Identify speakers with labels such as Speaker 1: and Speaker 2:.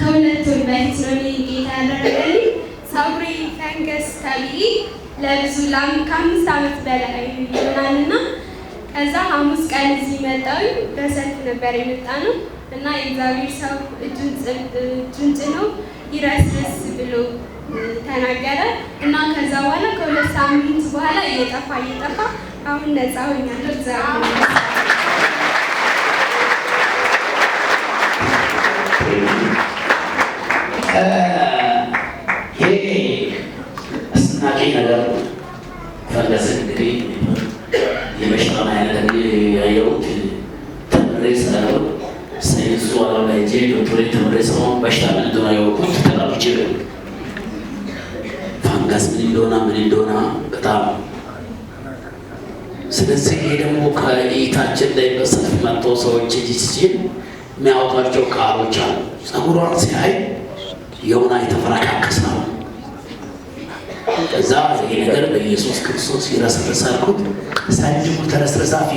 Speaker 1: ከሁለቱም በፊት ነው ጌታ ያደረገልኝ። ፀጉሬ ፈንገስ ተብዬ ለብዙ ከአምስት ዓመት በላይ ይሆናል እና ከዛ ሐሙስ ቀን እዚህ መጣሁኝ። በሰልፍ ነበር የመጣ ነው እና የእግዚአብሔር ሰው እጁን ጭኖ ይረስርስ ብሎ ተናገረ እና ከዛ በኋላ ከሁለት ሳምንት በኋላ እየጠፋ እየጠፋ አሁን ነፃ ሆኛለሁ። እግዚአብሔር
Speaker 2: ይሄ አስናቂ ነገር ፈንገስ እንግዲህ የበሽታውን አይነት እንግዲህ ያየሁት ተምሬ ስለሆነ ሳይንሱ አለም ላይ ጄ ዶክተሬት ተምሬ ስለሆነ በሽታ ምን እንደሆነ ያወቁት ተራብቼ ፈንገስ ምን እንደሆነ ምን እንደሆነ በጣም ስለዚህ ይሄ ደግሞ ከእይታችን ላይ በሰልፍ መጥቶ ሰዎች ሲል የሚያወጧቸው ቃሎች አሉ። ጸጉሯን ሲያይ የሆና የተፈራካከስ ነው። ከዛ ይሄ ነገር በኢየሱስ ክርስቶስ ይረስረሳልኩት ሳንጅሙ ተረስረሳ